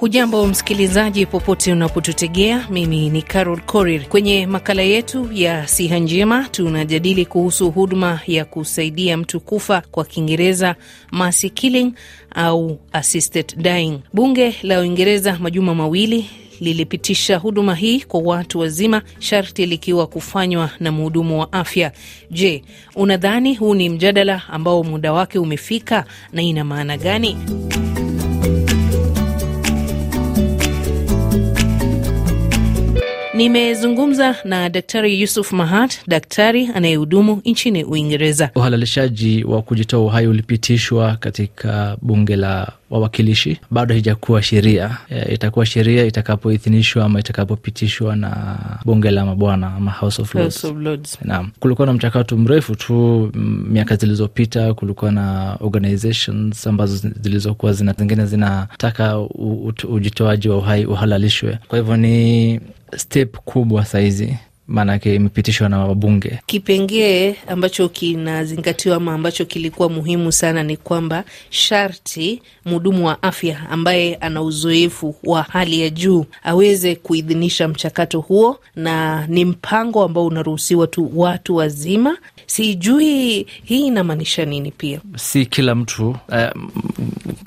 Hujambo msikilizaji, popote unapotutegea. Mimi ni Carol Korir. Kwenye makala yetu ya siha njema, tunajadili kuhusu huduma ya kusaidia mtu kufa, kwa Kiingereza mercy killing au assisted dying. Bunge la Uingereza majuma mawili lilipitisha huduma hii kwa watu wazima, sharti likiwa kufanywa na mhudumu wa afya. Je, unadhani huu ni mjadala ambao muda wake umefika na ina maana gani? Nimezungumza na Daktari Yusuf Mahat, daktari anayehudumu nchini Uingereza. Uhalalishaji wa kujitoa uhai ulipitishwa katika bunge la wawakilishi, bado haijakuwa sheria. E, itakuwa sheria itakapoidhinishwa ama itakapopitishwa na bunge la mabwana ama House of Lords. House of Lords. Naam, kulikuwa na mchakato mrefu tu miaka zilizopita, kulikuwa na organizations ambazo zilizokuwa zina zingine zinataka ujitoaji wa uhai uhalalishwe. Kwa hivyo ni step kubwa saizi maanake imepitishwa na wabunge. Kipengee ambacho kinazingatiwa ama ambacho kilikuwa muhimu sana ni kwamba sharti mhudumu wa afya ambaye ana uzoefu wa hali ya juu aweze kuidhinisha mchakato huo, na ni mpango ambao unaruhusiwa tu watu wazima. Sijui hii inamaanisha nini? Pia si kila mtu eh,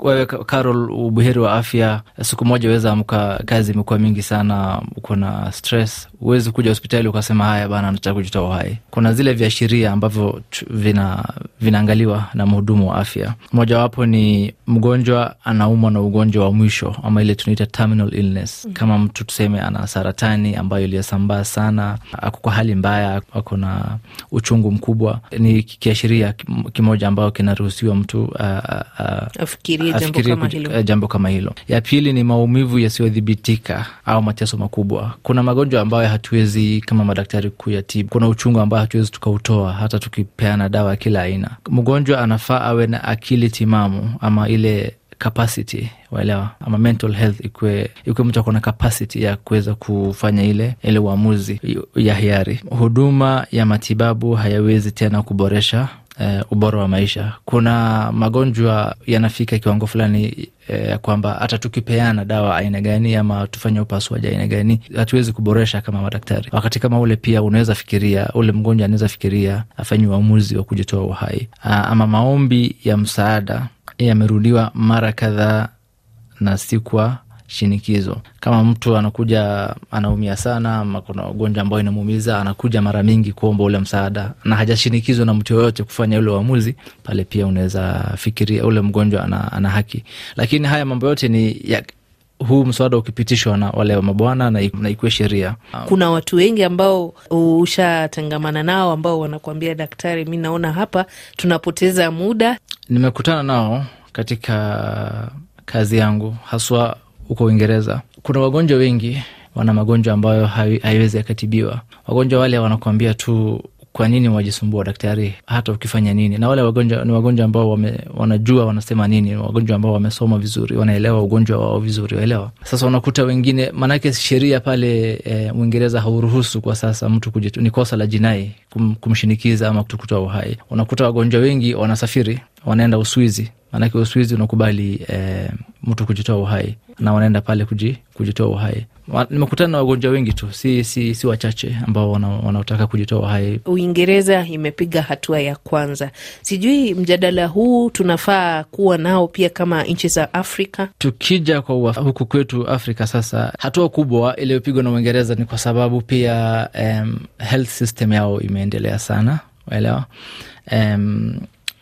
wewe Carol, ubuheri wa afya, siku moja uweza amka, kazi imekuwa mingi sana, uko na stress, huwezi kuja hospitali ukasema haya bana, nataka kujitoa uhai. Kuna zile viashiria ambavyo vinaangaliwa vina na mhudumu wa afya. Mojawapo ni mgonjwa anaumwa na ugonjwa wa mwisho ama ile tunaita terminal illness. Kama mtu tuseme ana saratani ambayo iliyosambaa sana, ako kwa hali mbaya, ako na uchungu mkubwa, ni kiashiria kimoja ambayo kinaruhusiwa mtu afikirie jambo, eh, jambo kama hilo. Ya pili ni maumivu yasiyodhibitika au mateso makubwa. Kuna magonjwa ambayo hatuwezi kama kama madaktari kuyatibu. Kuna uchungu ambayo hatuwezi tukautoa hata tukipeana dawa ya kila aina. Mgonjwa anafaa awe na akili timamu ama ile capacity waelewa, ama mental health ikwe, ikwe mtu akona capacity ya kuweza kufanya ile ile uamuzi ya hiari. Huduma ya matibabu hayawezi tena kuboresha eh, ubora wa maisha. Kuna magonjwa yanafika kiwango fulani eh, ya kwamba hata tukipeana dawa aina gani ama tufanye upasuaji aina gani hatuwezi kuboresha kama madaktari. Wakati kama ule pia unaweza fikiria, ule mgonjwa anaweza fikiria afanye uamuzi wa kujitoa uhai, ah, ama maombi ya msaada yamerudiwa mara kadhaa na si kwa shinikizo. Kama mtu anakuja anaumia sana, ama kuna ugonjwa ambao inamuumiza, anakuja mara mingi kuomba ule msaada na hajashinikizwa na mtu yoyote kufanya ule uamuzi, pale pia unaweza fikiria ule mgonjwa ana, ana haki. Lakini haya mambo yote ni ya, huu mswada ukipitishwa na wale mabwana na ikuwe sheria. Kuna watu wengi ambao ushatangamana nao ambao wanakuambia daktari, mi naona hapa tunapoteza muda. Nimekutana nao katika kazi yangu haswa huko Uingereza. Kuna wagonjwa wengi wana magonjwa ambayo haiwezi yakatibiwa. Wagonjwa wale wanakuambia tu kwa nini wajisumbua daktari, hata ukifanya nini. Na wale wagonjwa ni wagonjwa ambao wame, wanajua wanasema nini, wagonjwa ambao wamesoma vizuri, wanaelewa ugonjwa wao vizuri, waelewa. Sasa unakuta wengine, maanake sheria pale e, eh, Uingereza hauruhusu kwa sasa mtu kujitu, ni kosa la jinai kum, kumshinikiza ama kutukutoa uhai. Unakuta wagonjwa wengi wanasafiri, wanaenda Uswizi, maanake Uswizi unakubali e, mtu kujitoa uhai na wanaenda pale kuji, kujitoa uhai. Nimekutana na wagonjwa wengi tu, si, si, si wachache ambao wanaotaka wana kujitoa uhai. Uingereza imepiga hatua ya kwanza, sijui mjadala huu tunafaa kuwa nao pia kama nchi za Afrika. Tukija kwa huku kwetu Afrika sasa, hatua kubwa iliyopigwa na Uingereza ni kwa sababu pia um, health system yao imeendelea sana, waelewa um,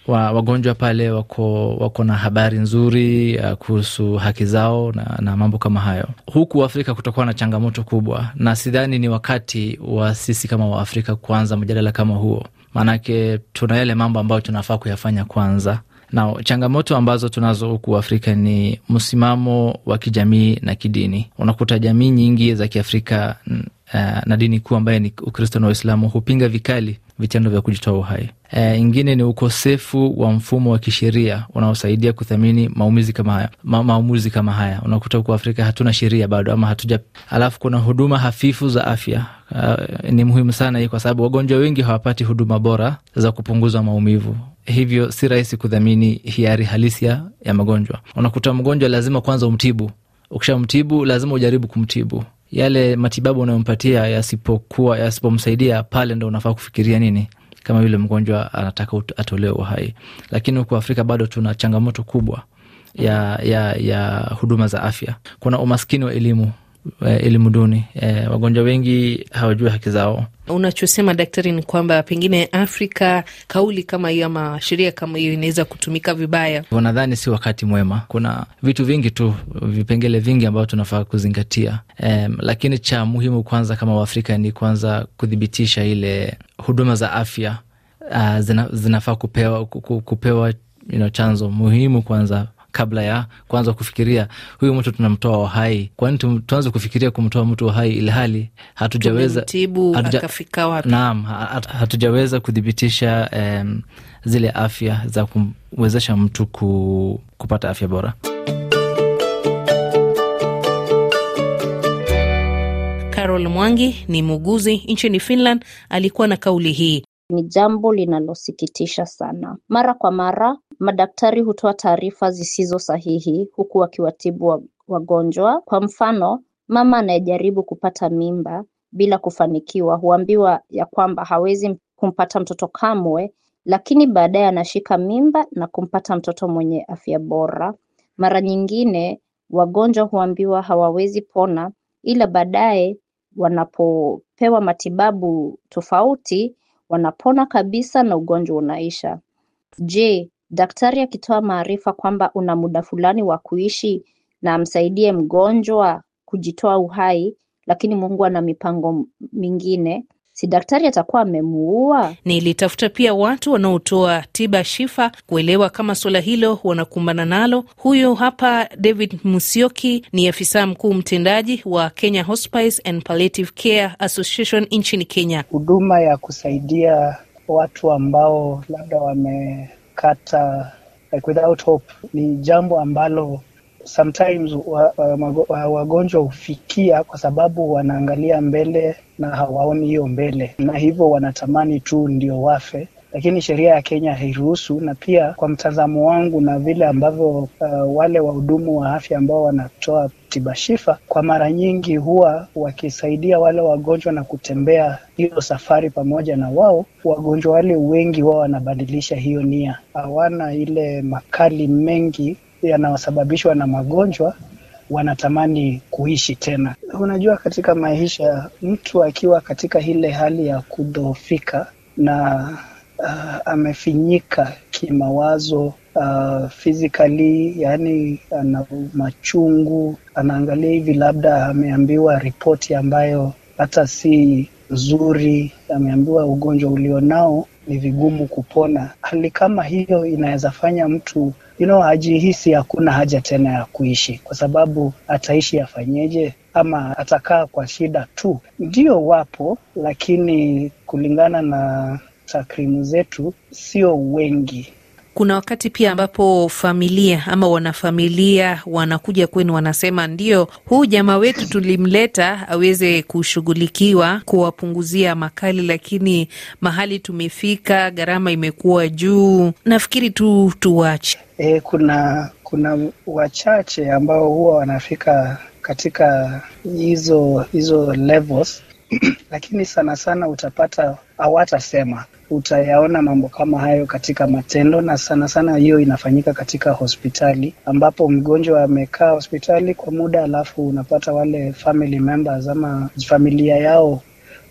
wa, wagonjwa pale wako, wako na habari nzuri uh, kuhusu haki zao na, na mambo kama hayo. Huku Afrika kutakuwa na changamoto kubwa, na sidhani ni wakati wa sisi kama Waafrika kuanza mjadala kama huo, maanake tuna yale mambo ambayo tunafaa kuyafanya kwanza na changamoto ambazo tunazo huku Afrika ni msimamo wa kijamii na kidini. Unakuta jamii nyingi za Kiafrika uh, na dini kuu ambaye ni Ukristo na Waislamu hupinga vikali vitendo vya kujitoa uhai. E, ingine ni ukosefu wa mfumo wa kisheria unaosaidia kuthamini maumizi kama haya, ma, maumuzi kama haya. Unakuta huko Afrika hatuna sheria bado ama hatuja. Alafu kuna huduma hafifu za afya. Uh, ni muhimu sana hii kwa sababu wagonjwa wengi hawapati huduma bora za kupunguza maumivu hivyo si rahisi kudhamini hiari halisia ya magonjwa. Unakuta mgonjwa lazima kwanza umtibu, ukishamtibu lazima ujaribu kumtibu. Yale matibabu unayompatia yasipokuwa yasipomsaidia, pale ndo unafaa kufikiria nini kama yule mgonjwa anataka atolewe uhai. Lakini huku Afrika bado tuna changamoto kubwa ya, ya, ya huduma za afya. Kuna umaskini wa elimu elimu eh, duni. E, eh, wagonjwa wengi hawajui haki zao. Unachosema daktari ni kwamba pengine Afrika kauli kama hiyo ama sheria kama hiyo inaweza kutumika vibaya. Nadhani si wakati mwema. Kuna vitu vingi tu, vipengele vingi ambavyo tunafaa kuzingatia. E, lakini cha muhimu kwanza kama Waafrika ni kwanza kuthibitisha ile huduma za afya uh, zina, zinafaa kupewa, kupewa you know, chanzo muhimu kwanza kabla ya kuanza kufikiria huyu mtu tunamtoa uhai. Kwani tuanze kufikiria kumtoa mtu uhai ilhali hatujaweza tibu hatuja, akafika wapi? Naam, hatujaweza kuthibitisha um, zile afya za kumwezesha mtu ku, kupata afya bora. Carol Mwangi ni muuguzi nchini Finland, alikuwa na kauli hii ni jambo linalosikitisha sana. Mara kwa mara madaktari hutoa taarifa zisizo sahihi huku wakiwatibu wagonjwa. Kwa mfano, mama anayejaribu kupata mimba bila kufanikiwa huambiwa ya kwamba hawezi kumpata mtoto kamwe, lakini baadaye anashika mimba na kumpata mtoto mwenye afya bora. Mara nyingine wagonjwa huambiwa hawawezi pona ila baadaye wanapopewa matibabu tofauti wanapona kabisa na ugonjwa unaisha. Je, daktari akitoa maarifa kwamba una muda fulani wa kuishi na amsaidie mgonjwa kujitoa uhai, lakini Mungu ana mipango mingine, si daktari atakuwa amemuua? Nilitafuta pia watu wanaotoa tiba Shifa kuelewa kama suala hilo wanakumbana nalo. Huyu hapa David musioki ni afisa mkuu mtendaji wa Kenya Hospice and Palliative Care Association nchini Kenya. Huduma ya kusaidia watu ambao labda wamekata like without hope ni jambo ambalo sometimes wagonjwa hufikia kwa sababu wanaangalia mbele na hawaoni hiyo mbele, na hivyo wanatamani tu ndio wafe lakini sheria ya Kenya hairuhusu. Na pia kwa mtazamo wangu na vile ambavyo uh, wale wahudumu wa afya ambao wanatoa tiba shifa kwa mara nyingi huwa wakisaidia wale wagonjwa na kutembea hiyo safari pamoja na wao, wagonjwa wale wengi wao wanabadilisha hiyo nia, hawana ile makali mengi yanayosababishwa na magonjwa wanatamani kuishi tena. Unajua, katika maisha mtu akiwa katika ile hali ya kudhoofika na uh, amefinyika kimawazo uh, physically, yaani ana machungu, anaangalia hivi, labda ameambiwa ripoti ambayo hata si nzuri, ameambiwa ugonjwa ulionao ni vigumu kupona. Hali kama hiyo inaweza fanya mtu you know, hajihisi hakuna haja tena ya kuishi, kwa sababu ataishi afanyeje? Ama atakaa kwa shida tu? Ndio wapo, lakini kulingana na takrimu zetu sio wengi kuna wakati pia ambapo familia ama wanafamilia wanakuja kwenu, wanasema ndio, huu jamaa wetu tulimleta aweze kushughulikiwa, kuwapunguzia makali, lakini mahali tumefika gharama imekuwa juu, nafikiri tu tuwache. E, kuna kuna wachache ambao huwa wanafika katika hizo hizo levels lakini sana sana utapata hawatasema. Utayaona mambo kama hayo katika matendo, na sana sana hiyo inafanyika katika hospitali, ambapo mgonjwa amekaa hospitali kwa muda, alafu unapata wale family members ama familia yao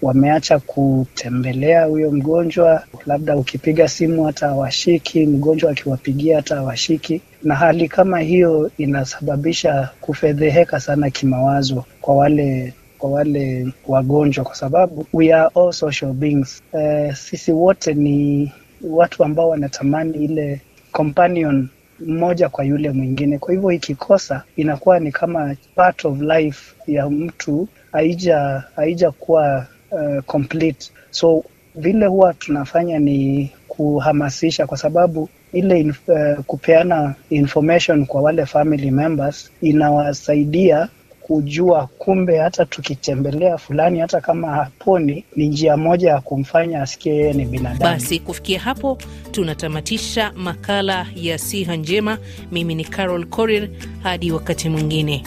wameacha kutembelea huyo mgonjwa, labda ukipiga simu hata hawashiki, mgonjwa akiwapigia hata hawashiki, na hali kama hiyo inasababisha kufedheheka sana kimawazo kwa wale kwa wale wagonjwa, kwa sababu we are all social beings. Uh, sisi wote ni watu ambao wanatamani ile companion mmoja kwa yule mwingine. Kwa hivyo ikikosa, inakuwa ni kama part of life ya mtu haija haija kuwa uh, complete. So vile huwa tunafanya ni kuhamasisha, kwa sababu ile inf, uh, kupeana information kwa wale family members inawasaidia kujua kumbe hata tukitembelea fulani hata kama haponi ni njia moja ya kumfanya asikie yeye ni binadamu. Basi kufikia hapo tunatamatisha makala ya siha njema. Mimi ni Carol corir hadi wakati mwingine.